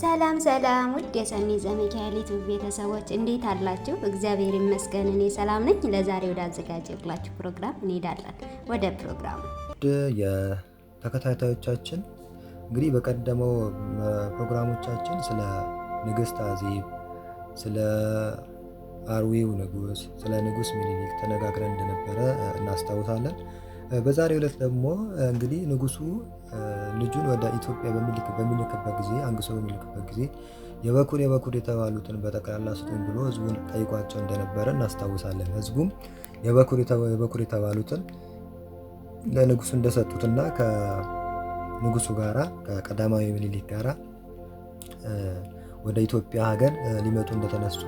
ሰላም ሰላም ውድ የሰኒ ዘሚካኤል ቤተሰቦች እንዴት አላችሁ? እግዚአብሔር ይመስገን እኔ ሰላም ነኝ። ለዛሬ ወደ አዘጋጀላችሁ ፕሮግራም እንሄዳለን። ወደ ፕሮግራሙ ውድ የተከታታዮቻችን እንግዲህ በቀደመው ፕሮግራሞቻችን ስለ ንግስት አዜብ፣ ስለ አርዌው ንጉስ፣ ስለ ንጉስ ምኒልክ ተነጋግረን እንደነበረ እናስታውሳለን። በዛሬው ዕለት ደግሞ እንግዲህ ንጉሱ ልጁን ወደ ኢትዮጵያ በሚልክበት ጊዜ አንግሶ በሚልክበት ጊዜ የበኩር የበኩር የተባሉትን በጠቅላላ ስጡን ብሎ ህዝቡን ጠይቋቸው እንደነበረ እናስታውሳለን። ህዝቡም የበኩር የተባሉትን ለንጉሱ እንደሰጡትና ከንጉሱ ጋራ ከቀዳማዊ ምኒልክ ጋራ ወደ ኢትዮጵያ ሀገር ሊመጡ እንደተነሱ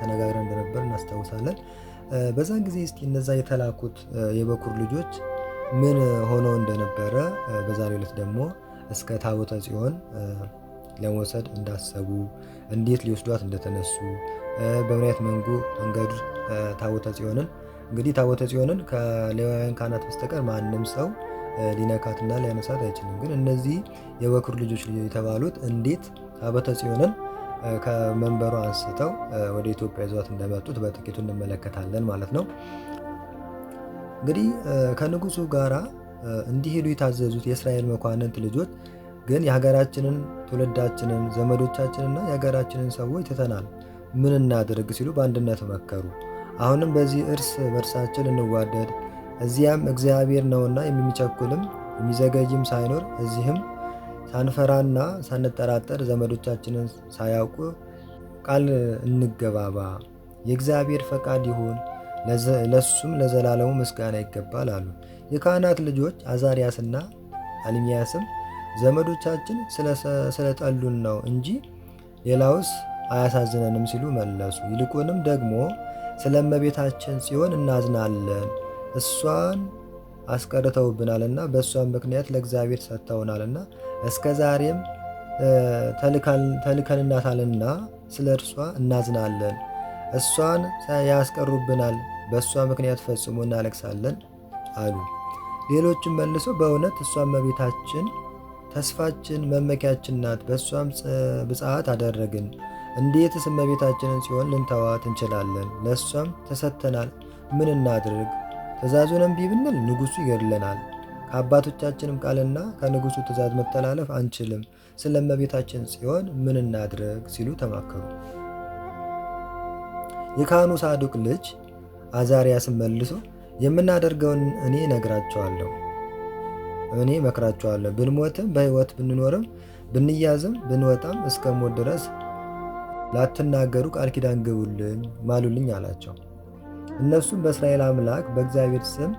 ተነጋግረን እንደነበር እናስታውሳለን። በዛን ጊዜ ስ እነዛ የተላኩት የበኩር ልጆች ምን ሆኖ እንደነበረ በዛ ዕለት ደግሞ እስከ ታቦተ ጽዮን ለመውሰድ እንዳሰቡ እንዴት ሊወስዷት እንደተነሱ በምንያት መንጎ መንጉ መንገድ ታቦተ ጽዮንን እንግዲህ ታቦተ ጽዮንን ከሌዋውያን ካህናት በስተቀር ማንም ሰው ሊነካትና ሊያነሳት አይችልም። ግን እነዚህ የበኩር ልጆች የተባሉት እንዴት ታቦተ ጽዮንን ከመንበሩ አንስተው ወደ ኢትዮጵያ ይዟት እንደመጡት በጥቂቱ እንመለከታለን ማለት ነው። እንግዲህ ከንጉሱ ጋር እንዲሄዱ የታዘዙት የእስራኤል መኳንንት ልጆች ግን የሀገራችንን ትውልዳችንን ዘመዶቻችንና የሀገራችንን ሰዎች ትተናል፣ ምን እናድርግ ሲሉ በአንድነት መከሩ። አሁንም በዚህ እርስ በርሳችን እንዋደድ፣ እዚያም እግዚአብሔር ነውና የሚቸኩልም የሚዘገይም ሳይኖር እዚህም ሳንፈራና ሳንጠራጠር ዘመዶቻችንን ሳያውቁ ቃል እንገባባ፣ የእግዚአብሔር ፈቃድ ይሁን ለሱም ለዘላለሙ ምስጋና ይገባል አሉ። የካህናት ልጆች ና አልሚያስም ዘመዶቻችን ስለጠሉን ነው እንጂ ሌላውስ አያሳዝነንም ሲሉ መለሱ። ይልቁንም ደግሞ ስለ እመቤታችን ሲሆን እናዝናለን፣ እሷን አስቀርተውብናልና በእሷን ምክንያት ለእግዚአብሔር ሰጥተውናልና እስከ ዛሬም ተልከንናታልና ስለ እርሷ እናዝናለን፣ እሷን ያስቀሩብናል በእሷ ምክንያት ፈጽሞ እናለቅሳለን አሉ። ሌሎችም መልሶ በእውነት እሷ እመቤታችን ተስፋችን መመኪያችን ናት፣ በእሷም ብፅዓት አደረግን። እንዴትስ እመቤታችንን ሲሆን ልንተዋት እንችላለን? ለእሷም ተሰጥተናል፣ ምን እናድርግ? ትእዛዙን እምቢ ብንል ይገድለናል። ከአባቶቻችንም ቃልና ከንጉሱ ትእዛዝ መተላለፍ አንችልም። ስለ እመቤታችን ሲሆን ምን እናድርግ ሲሉ ተማከሩ። የካህኑ ሳዱቅ ልጅ አዛሪያስም መልሶ የምናደርገውን እኔ እነግራቸዋለሁ፣ እኔ እመክራቸዋለሁ። ብንሞትም በሕይወት ብንኖርም ብንያዝም ብንወጣም እስከ ሞት ድረስ ላትናገሩ ቃል ኪዳን ግቡልን ማሉልኝ አላቸው። እነሱም በእስራኤል አምላክ በእግዚአብሔር ስም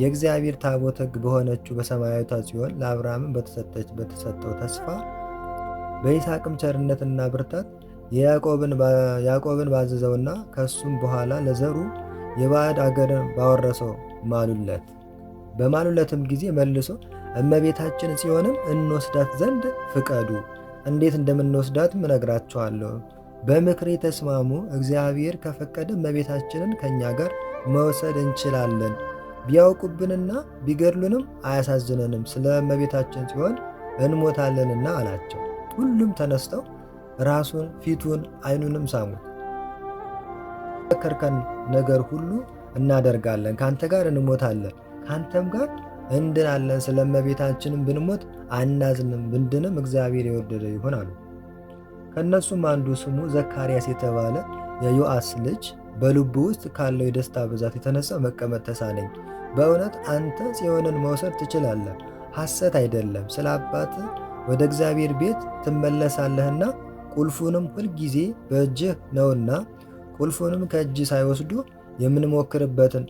የእግዚአብሔር ታቦት ሕግ በሆነችው በሰማያዊቷ ጽዮን ለአብርሃምን በተሰጠች በተሰጠው ተስፋ በይስሐቅም ቸርነትና ብርታት ያዕቆብን ባዘዘውና ከእሱም በኋላ ለዘሩ የባዕድ አገርን ባወረሰው ማሉለት። በማሉለትም ጊዜ መልሶ እመቤታችን ጽዮንን እንወስዳት ዘንድ ፍቀዱ፣ እንዴት እንደምንወስዳት እነግራችኋለሁ። በምክር የተስማሙ እግዚአብሔር ከፈቀደ እመቤታችንን ከእኛ ጋር መውሰድ እንችላለን። ቢያውቁብንና ቢገድሉንም አያሳዝነንም፣ ስለ እመቤታችን ጽዮን እንሞታለንና አላቸው። ሁሉም ተነስተው ራሱን ፊቱን ዓይኑንም ሳሙት። ከርከን ነገር ሁሉ እናደርጋለን፣ ከአንተ ጋር እንሞታለን፣ ከአንተም ጋር እንድናለን። ስለ እመቤታችንም ብንሞት አናዝንም፣ ብንድንም እግዚአብሔር የወደደ ይሆን አሉ። ከእነሱም አንዱ ስሙ ዘካርያስ የተባለ የዮአስ ልጅ በልቡ ውስጥ ካለው የደስታ ብዛት የተነሳ መቀመጥ ተሳነኝ። በእውነት አንተ ጽዮንን መውሰድ ትችላለህ፣ ሐሰት አይደለም። ስለ አባት ወደ እግዚአብሔር ቤት ትመለሳለህና ቁልፉንም ሁልጊዜ በእጅህ ነውና ቁልፉንም ከእጅ ሳይወስዱ የምንሞክርበትን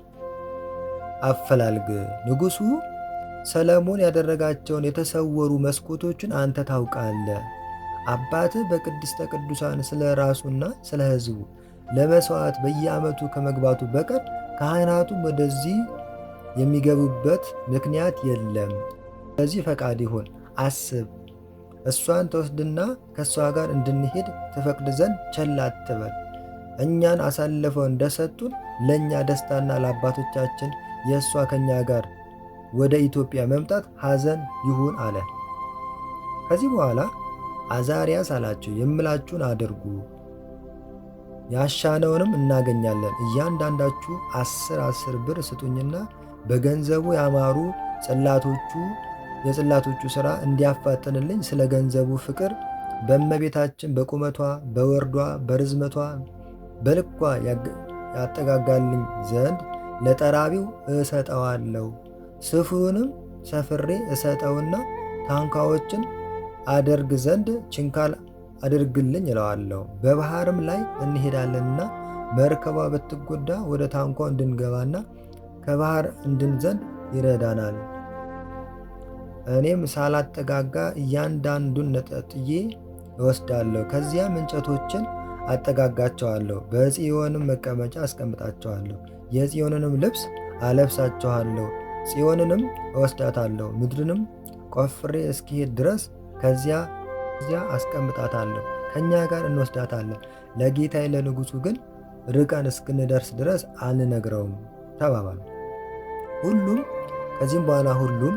አፈላልግ። ንጉሡ ሰለሞን ያደረጋቸውን የተሰወሩ መስኮቶችን አንተ ታውቃለህ። አባትህ በቅድስተ ቅዱሳን ስለ ራሱና ስለ ሕዝቡ ለመሥዋዕት በየዓመቱ ከመግባቱ በቀር ካህናቱም ወደዚህ የሚገቡበት ምክንያት የለም። ስለዚህ ፈቃድ ይሁን አስብ። እሷን ተወስድና ከእሷ ጋር እንድንሄድ ትፈቅድ ዘንድ ቸል አትበል። እኛን አሳልፈው እንደሰጡን ለእኛ ደስታና ለአባቶቻችን የእሷ ከኛ ጋር ወደ ኢትዮጵያ መምጣት ሐዘን ይሁን አለ። ከዚህ በኋላ አዛርያስ አላቸው፣ የምላችሁን አድርጉ ያሻነውንም እናገኛለን። እያንዳንዳችሁ አስር አስር ብር ስጡኝና በገንዘቡ ያማሩ ጽላቶቹ የጽላቶቹ ሥራ እንዲያፋጥንልኝ ስለ ገንዘቡ ፍቅር በእመቤታችን በቁመቷ፣ በወርዷ፣ በርዝመቷ በልኳ ያጠጋጋልኝ ዘንድ ለጠራቢው እሰጠዋለሁ። ስፍሩንም ሰፍሬ እሰጠውና ታንኳዎችን አደርግ ዘንድ ችንካል አድርግልኝ እለዋለሁ። በባህርም ላይ እንሄዳለንና መርከቧ ብትጎዳ ወደ ታንኳው እንድንገባና ከባህር እንድንዘንድ ይረዳናል። እኔም ሳላጠጋጋ እያንዳንዱን ነጠጥዬ እወስዳለሁ። ከዚያም እንጨቶችን አጠጋጋቸዋለሁ፣ በጽዮንም መቀመጫ አስቀምጣቸዋለሁ። የጽዮንንም ልብስ አለብሳቸዋለሁ፣ ጽዮንንም እወስዳታለሁ። ምድርንም ቆፍሬ እስኪሄድ ድረስ ከዚያ እዚያ አስቀምጣታለሁ። ከእኛ ጋር እንወስዳታለን። ለጌታዬ ለንጉሡ ግን ርቀን እስክንደርስ ድረስ አንነግረውም ተባባሉ። ሁሉም ከዚህም በኋላ ሁሉም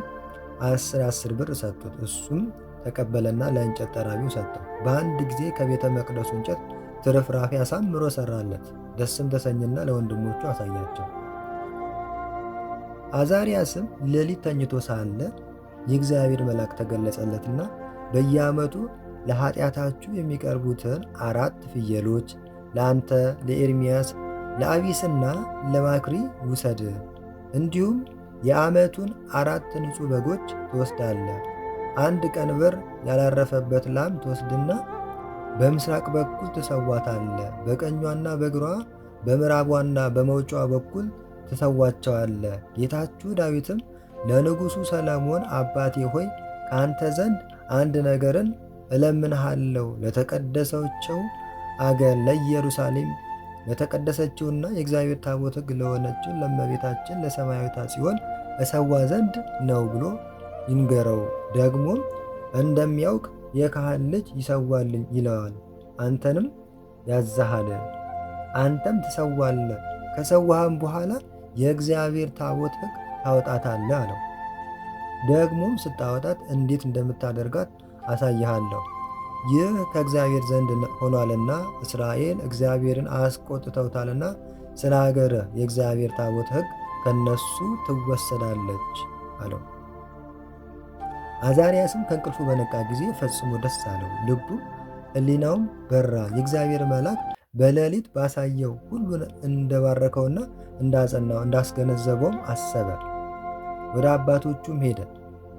አስር አስር ብር ሰጡት። እሱም ተቀበለና ለእንጨት ጠራቢው ሰጠው። በአንድ ጊዜ ከቤተ መቅደሱ እንጨት ትርፍራፊ አሳምሮ ሰራለት። ደስም ተሰኝና ለወንድሞቹ አሳያቸው። አዛርያስም ሌሊት ተኝቶ ሳለ የእግዚአብሔር መልአክ ተገለጸለትና በየዓመቱ ለኃጢአታችሁ የሚቀርቡትን አራት ፍየሎች ለአንተ ለኤርምያስ ለአቢስና ለማክሪ ውሰድ፣ እንዲሁም የዓመቱን አራት ንጹሕ በጎች ትወስዳለህ። አንድ ቀንበር ያላረፈበት ላም ትወስድና በምስራቅ በኩል ትሰዋታለ፣ በቀኟና በግሯ በምዕራቧና በመውጫዋ በኩል ትሰዋቸዋለ። ጌታችሁ ዳዊትም ለንጉሡ ሰለሞን አባቴ ሆይ ከአንተ ዘንድ አንድ ነገርን እለምንሃለሁ ለተቀደሰችው አገር ለኢየሩሳሌም ለተቀደሰችውና የእግዚአብሔር ታቦት ሕግ ለሆነችው ለመቤታችን ለሰማያዊቷ ጽዮን እሰዋ ዘንድ ነው ብሎ ይንገረው። ደግሞም እንደሚያውቅ የካህን ልጅ ይሰዋልኝ ይለዋል። አንተንም ያዛሃል፣ አንተም ትሰዋለህ። ከሰዋህም በኋላ የእግዚአብሔር ታቦት ሕግ ታወጣታለህ አለው። ደግሞም ስታወጣት እንዴት እንደምታደርጋት አሳይሃለሁ። ይህ ከእግዚአብሔር ዘንድ ሆኗልና እስራኤል እግዚአብሔርን አስቆጥተውታልና ስለ ሀገርህ የእግዚአብሔር ታቦት ሕግ ከነሱ ትወሰዳለች አለው። አዛርያስም ከእንቅልፉ በነቃ ጊዜ ፈጽሞ ደስ አለው፣ ልቡ ሕሊናውም በራ። የእግዚአብሔር መልአክ በሌሊት ባሳየው ሁሉን እንደባረከውና እንዳጸናው እንዳስገነዘበውም አሰበ። ወደ አባቶቹም ሄደ።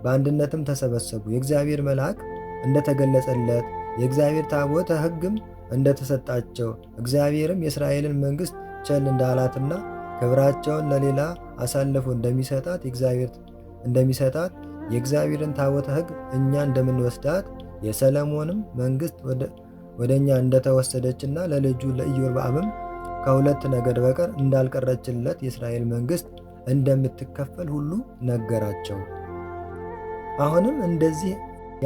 በአንድነትም ተሰበሰቡ። የእግዚአብሔር መልአክ እንደተገለጸለት የእግዚአብሔር ታቦተ ሕግም እንደተሰጣቸው እግዚአብሔርም የእስራኤልን መንግሥት ቸል እንዳላትና ክብራቸውን ለሌላ አሳልፎ እንደሚሰጣት እግዚአብሔር እንደሚሰጣት የእግዚአብሔርን ታቦተ ሕግ እኛ እንደምንወስዳት የሰለሞንም መንግስት ወደ እኛ እንደተወሰደችና ለልጁ ለኢዮርብዓምም ከሁለት ነገድ በቀር እንዳልቀረችለት የእስራኤል መንግስት እንደምትከፈል ሁሉ ነገራቸው። አሁንም እንደዚህ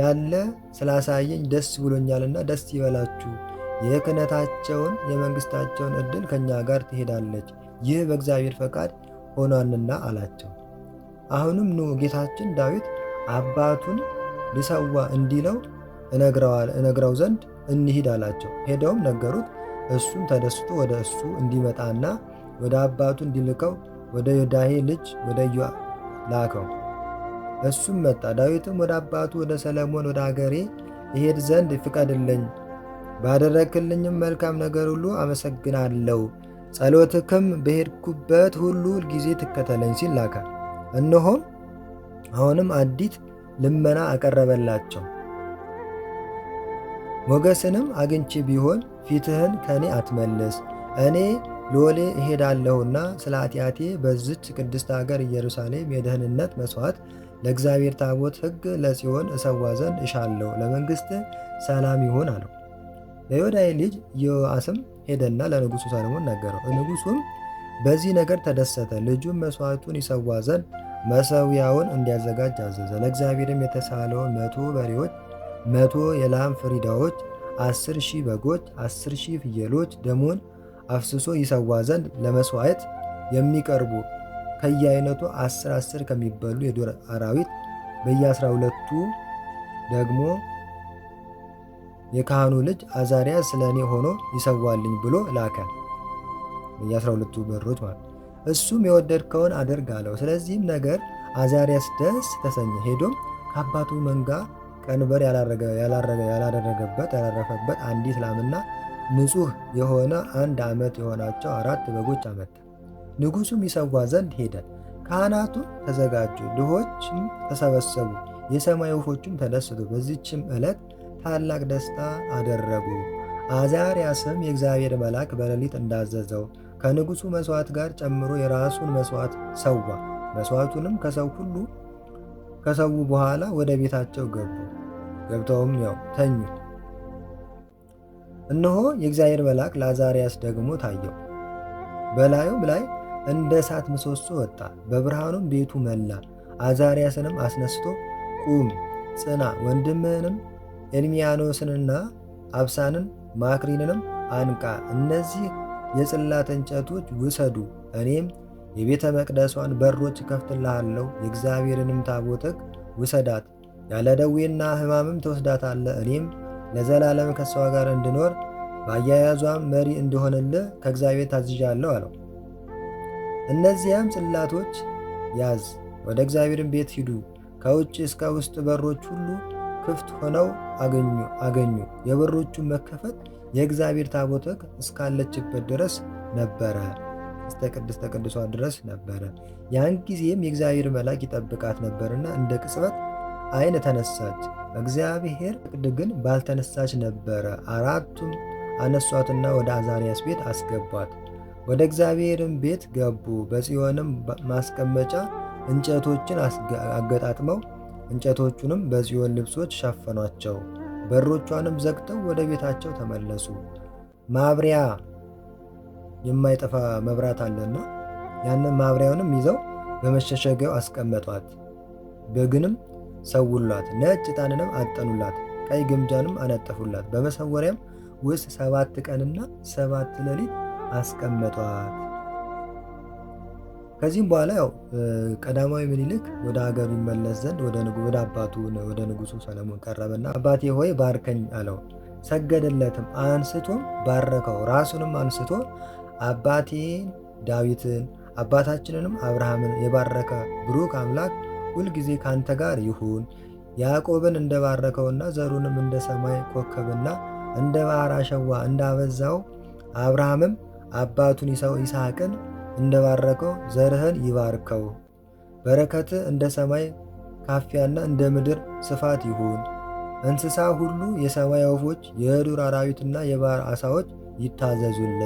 ያለ ስላሳየኝ ደስ ብሎኛልና ደስ ይበላችሁ። የክህነታቸውን የመንግስታቸውን እድል ከእኛ ጋር ትሄዳለች። ይህ በእግዚአብሔር ፈቃድ ሆኗንና አላቸው። አሁንም ኖ ጌታችን ዳዊት አባቱን ሊሰዋ እንዲለው እነግረው ዘንድ እንሂድ አላቸው። ሄደውም ነገሩት። እሱም ተደስቶ ወደ እሱ እንዲመጣና ወደ አባቱ እንዲልከው ወደ ዮዳሄ ልጅ ወደ ኢዩ ላከው። እሱም መጣ። ዳዊትም ወደ አባቱ ወደ ሰለሞን ወደ አገሬ እሄድ ዘንድ ፍቀድልኝ፣ ባደረክልኝም መልካም ነገር ሁሉ አመሰግናለሁ፣ ጸሎትክም በሄድኩበት ሁሉ ጊዜ ትከተለኝ ሲል ላካል። እነሆም አሁንም አንዲት ልመና አቀረበላቸው። ሞገስንም አግኝቼ ቢሆን ፊትህን ከእኔ አትመልስ፣ እኔ ሎሌ እሄዳለሁና ስለ ኃጢአቴ በዝች ቅድስት አገር ኢየሩሳሌም የደህንነት መሥዋዕት ለእግዚአብሔር ታቦት ሕግ ለጽዮን እሰዋ ዘንድ እሻለሁ፣ ለመንግሥት ሰላም ይሁን አለው። ለዮዳይ ልጅ ዮአስም ሄደና ለንጉሡ ሰለሞን ነገረው። ንጉሡም በዚህ ነገር ተደሰተ። ልጁም መስዋዕቱን ይሰዋ ዘንድ መሰዊያውን እንዲያዘጋጅ አዘዘ። ለእግዚአብሔርም የተሳለውን መቶ በሬዎች፣ መቶ የላም ፍሪዳዎች፣ አስር ሺህ በጎች፣ አስር ሺህ ፍየሎች ደሙን አፍስሶ ይሰዋ ዘንድ ለመስዋዕት የሚቀርቡ ከየአይነቱ አስር አስር ከሚበሉ የዱር አራዊት በየአስራ ሁለቱ ደግሞ የካህኑ ልጅ አዛሪያ ስለ እኔ ሆኖ ይሰዋልኝ ብሎ ላከ። የአስራ ሁለቱ በሮች ማለት እሱም የወደድከውን አድርግ አለው። ስለዚህም ነገር አዛሪያስ ደስ ተሰኘ። ሄዶም ከአባቱ መንጋ ቀንበር ያላደረገበት ያላረፈበት አንዲት ላምና ንጹሕ የሆነ አንድ ዓመት የሆናቸው አራት በጎች አመጣ። ንጉሱም ይሰዋ ዘንድ ሄደ። ካህናቱ ተዘጋጁ፣ ድሆችም ተሰበሰቡ፣ የሰማይ ወፎችም ተደሰቱ። በዚችም ዕለት ታላቅ ደስታ አደረጉ። አዛርያስም የእግዚአብሔር መልአክ በሌሊት እንዳዘዘው ከንጉሡ መሥዋዕት ጋር ጨምሮ የራሱን መሥዋዕት ሰዋ። መሥዋዕቱንም ከሰው ሁሉ ከሰው በኋላ ወደ ቤታቸው ገቡ። ገብተውም ያው ተኙ። እነሆ የእግዚአብሔር መልአክ ለአዛርያስ ደግሞ ታየው። በላዩም ላይ እንደ እሳት ምሰሶ ወጣ፣ በብርሃኑም ቤቱ መላ። አዛርያስንም አስነስቶ ቁም፣ ጽና፣ ወንድምህንም ኤልሚያኖስንና አብሳንን ማክሪንንም አንቃ እነዚህ የጽላት እንጨቶች ውሰዱ፣ እኔም የቤተ መቅደሷን በሮች እከፍትልሃለሁ። የእግዚአብሔርንም ታቦትክ ውሰዳት፣ ያለ ደዌና ሕማምም ትወስዳታለህ። እኔም ለዘላለም ከእሷ ጋር እንድኖር በአያያዟም መሪ እንደሆንልህ ከእግዚአብሔር ታዝዣለሁ አለው። እነዚያም ጽላቶች ያዝ፣ ወደ እግዚአብሔርን ቤት ሂዱ። ከውጭ እስከ ውስጥ በሮች ሁሉ ክፍት ሆነው አገኙ አገኙ የበሮቹን መከፈት የእግዚአብሔር ታቦት እስካለችበት ድረስ ነበረ፣ እስተ ቅድስተ ቅዱሷ ድረስ ነበረ። ያን ጊዜም የእግዚአብሔር መልአክ ይጠብቃት ነበርና እንደ ቅጽበት ዓይን ተነሳች። እግዚአብሔር ፍቅድ ግን ባልተነሳች ነበረ። አራቱም አነሷትና ወደ አዛንያስ ቤት አስገቧት። ወደ እግዚአብሔርም ቤት ገቡ። በጽዮንም ማስቀመጫ እንጨቶችን አገጣጥመው እንጨቶቹንም በጽዮን ልብሶች ሸፈኗቸው። በሮቿንም ዘግተው ወደ ቤታቸው ተመለሱ። ማብሪያ የማይጠፋ መብራት አለና ያንን ማብሪያውንም ይዘው በመሸሸጊያው አስቀመጧት። በግንም ሰውሏት፣ ነጭ ዕጣንንም አጠኑላት፣ ቀይ ግምጃንም አነጠፉላት። በመሰወሪያም ውስጥ ሰባት ቀንና ሰባት ሌሊት አስቀመጧት። ከዚህም በኋላ ያው ቀዳማዊ ምኒልክ ወደ ሀገሩ ይመለስ ዘንድ ወደ አባቱ ወደ ንጉሱ ሰለሞን ቀረበና አባቴ ሆይ ባርከኝ አለው። ሰገደለትም፣ አንስቶም ባረከው። ራሱንም አንስቶ አባቴን ዳዊትን አባታችንንም አብርሃምን የባረከ ብሩክ አምላክ ሁልጊዜ ከአንተ ጋር ይሁን። ያዕቆብን እንደባረከውና ዘሩንም እንደ ሰማይ ኮከብና እንደ ባህር አሸዋ እንዳበዛው አብርሃምም አባቱን ይሳቅን። እንደባረከው ዘርህን ይባርከው። በረከት እንደ ሰማይ ካፊያና እንደ ምድር ስፋት ይሁን። እንስሳ ሁሉ፣ የሰማይ ወፎች፣ የዱር አራዊትና የባህር ዓሳዎች ይታዘዙለ።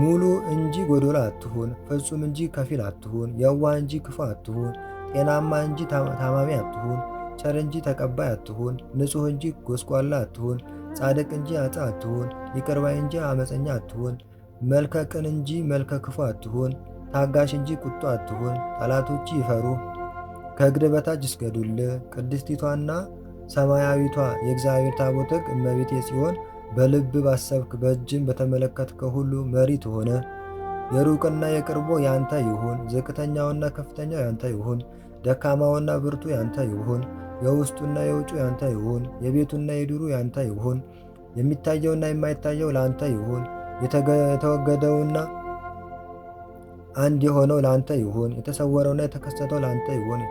ሙሉ እንጂ ጎዶሎ አትሁን፣ ፍጹም እንጂ ከፊል አትሁን፣ የዋ እንጂ ክፉ አትሁን፣ ጤናማ እንጂ ታማሚ አትሁን፣ ቸር እንጂ ተቀባይ አትሁን፣ ንጹሕ እንጂ ጎስቋላ አትሁን፣ ጻድቅ እንጂ አጻ አትሁን፣ ይቅርባይ እንጂ አመፀኛ አትሁን መልከ ቅን እንጂ መልከ ክፉ አትሁን፣ ታጋሽ እንጂ ቁጡ አትሁን። ጠላቶች ይፈሩ ከእግር በታች ይስገዱልህ። ቅድስቲቷና ሰማያዊቷ የእግዚአብሔር ታቦትህ እመቤቴ ሲሆን በልብ ባሰብክ በእጅም በተመለከትከ ሁሉ መሪ ትሆነ። የሩቅና የቅርቦ ያንተ ይሁን፣ ዝቅተኛውና ከፍተኛው ያንተ ይሁን፣ ደካማውና ብርቱ ያንተ ይሁን፣ የውስጡና የውጩ ያንተ ይሁን፣ የቤቱና የዱሩ ያንተ ይሁን፣ የሚታየውና የማይታየው ለአንተ ይሁን። የተወገደውና አንድ የሆነው ለአንተ ይሁን። የተሰወረውና የተከሰተው ለአንተ ይሁን።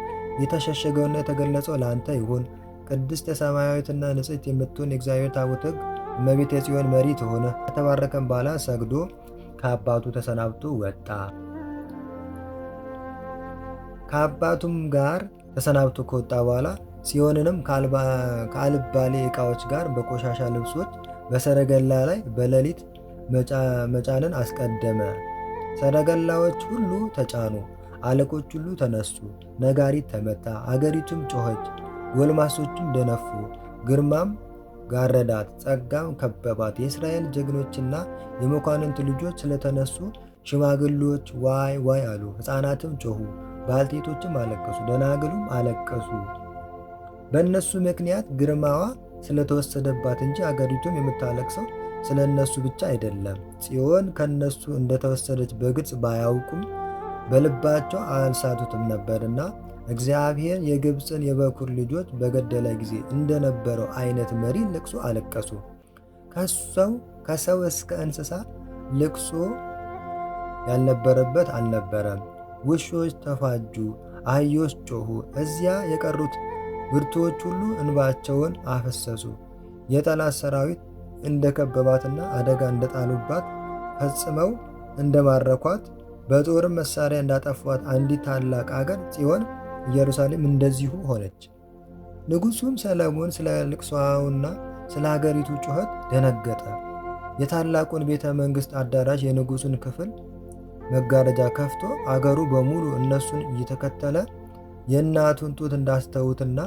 የተሸሸገውና የተገለጸው ለአንተ ይሁን። ቅድስት የሰማያዊትና ንጽሕት የምትሆን የእግዚአብሔር ታቦት ሕግ እመቤት የጽዮን መሪ ትሆነ። ከተባረከም በኋላ ሰግዶ ከአባቱ ተሰናብቶ ወጣ። ከአባቱም ጋር ተሰናብቶ ከወጣ በኋላ ጽዮንንም ከአልባሌ ዕቃዎች ጋር በቆሻሻ ልብሶች በሰረገላ ላይ በሌሊት መጫንን አስቀደመ። ሰረገላዎች ሁሉ ተጫኑ፣ አለቆች ሁሉ ተነሱ፣ ነጋሪት ተመታ፣ አገሪቱም ጮኸች፣ ጎልማሶቹም ደነፉ፣ ግርማም ጋረዳት፣ ጸጋም ከበባት። የእስራኤል ጀግኖችና የመኳንንት ልጆች ስለተነሱ ሽማግሌዎች ዋይ ዋይ አሉ፣ ሕፃናትም ጮኹ፣ ባልቴቶችም አለቀሱ፣ ደናግሉም አለቀሱ። በእነሱ ምክንያት ግርማዋ ስለተወሰደባት እንጂ አገሪቱም የምታለቅሰው ስለ እነሱ ብቻ አይደለም። ጽዮን ከእነሱ እንደተወሰደች በግልጽ ባያውቁም በልባቸው አልሳቱትም ነበርና እግዚአብሔር የግብፅን የበኩር ልጆች በገደለ ጊዜ እንደነበረው አይነት መሪ ልቅሶ አለቀሱ። ከሰው እስከ እንስሳ ልቅሶ ያልነበረበት አልነበረም። ውሾች ተፋጁ፣ አህዮች ጮኹ። እዚያ የቀሩት ብርቱዎች ሁሉ እንባቸውን አፈሰሱ። የጠላት ሰራዊት እንደከበባትና አደጋ እንደጣሉባት ፈጽመው እንደማረኳት በጦር መሳሪያ እንዳጠፏት አንዲት ታላቅ አገር ጽዮን ኢየሩሳሌም እንደዚሁ ሆነች። ንጉሱም ሰለሞን ስለ ልቅሷውና ስለ አገሪቱ ጩኸት ደነገጠ። የታላቁን ቤተ መንግሥት አዳራሽ የንጉሡን ክፍል መጋረጃ ከፍቶ አገሩ በሙሉ እነሱን እየተከተለ የእናቱን ጡት እንዳስተውትና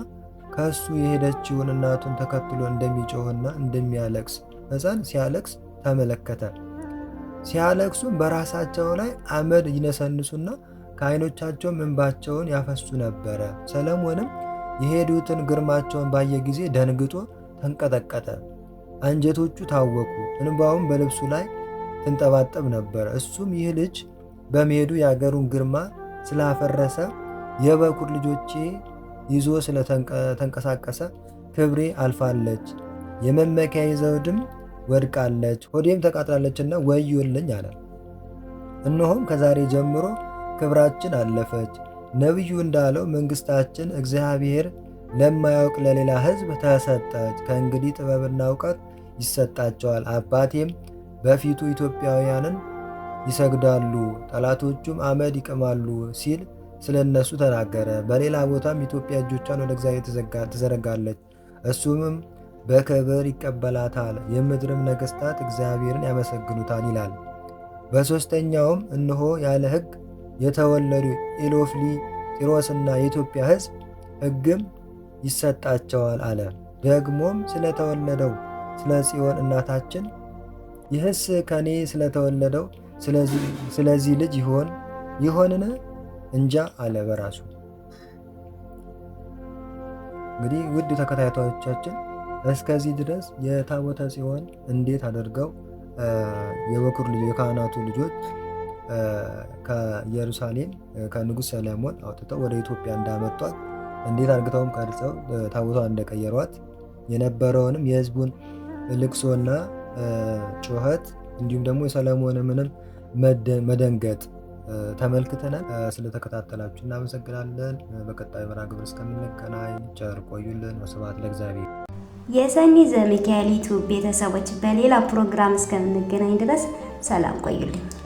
ከእሱ የሄደችውን እናቱን ተከትሎ እንደሚጮህና እንደሚያለቅስ ሕፃን ሲያለቅስ ተመለከተ። ሲያለቅሱም በራሳቸው ላይ አመድ ይነሰንሱና ከዓይኖቻቸውም እንባቸውን ያፈሱ ነበረ። ሰለሞንም የሄዱትን ግርማቸውን ባየ ጊዜ ደንግጦ ተንቀጠቀጠ። አንጀቶቹ ታወቁ፣ እንባውም በልብሱ ላይ ትንጠባጠብ ነበር። እሱም ይህ ልጅ በመሄዱ የአገሩን ግርማ ስላፈረሰ የበኩር ልጆቼ ይዞ ስለተንቀሳቀሰ ክብሬ አልፋለች፣ የመመኪያ ዘውድም ወድቃለች፣ ሆዴም ተቃጥላለችና ወዮልኝ አለ። እነሆም ከዛሬ ጀምሮ ክብራችን አለፈች። ነቢዩ እንዳለው መንግሥታችን እግዚአብሔር ለማያውቅ ለሌላ ሕዝብ ተሰጠች። ከእንግዲህ ጥበብና እውቀት ይሰጣቸዋል። አባቴም በፊቱ ኢትዮጵያውያንን ይሰግዳሉ፣ ጠላቶቹም አመድ ይቅማሉ ሲል ስለ እነሱ ተናገረ። በሌላ ቦታም ኢትዮጵያ እጆቿን ወደ እግዚአብሔር ትዘረጋለች፣ እሱም በክብር ይቀበላታል፣ የምድርም ነገሥታት እግዚአብሔርን ያመሰግኑታል ይላል። በሦስተኛውም እነሆ ያለ ሕግ የተወለዱ ኢሎፍሊ ጢሮስና የኢትዮጵያ ሕዝብ ሕግም ይሰጣቸዋል አለ። ደግሞም ስለተወለደው ስለ ጽዮን እናታችን ይህስ ከኔ ስለተወለደው ስለዚህ ልጅ ይሆን ይሆንን እንጃ አለ በራሱ። እንግዲህ ውድ ተከታታዮቻችን እስከዚህ ድረስ የታቦተ ጽዮን እንዴት አድርገው የበኩር ልጅ የካህናቱ ልጆች ከኢየሩሳሌም ከንጉሥ ሰለሞን አውጥተው ወደ ኢትዮጵያ እንዳመጧት እንዴት አድርገውም ቀርጸው ታቦቷን እንደቀየሯት የነበረውንም የሕዝቡን ልቅሶና ጩኸት እንዲሁም ደግሞ ምንም መደንገጥ ተመልክተናል። ስለተከታተላችሁ እናመሰግናለን። በቀጣዩ መርሃ ግብር እስከምንገናኝ ቸር ቆዩልን። ወስብሐት ለእግዚአብሔር። የሰኒ ዘሚካኤል ዩቲዩብ ቤተሰቦች በሌላ ፕሮግራም እስከምንገናኝ ድረስ ሰላም ቆዩልኝ።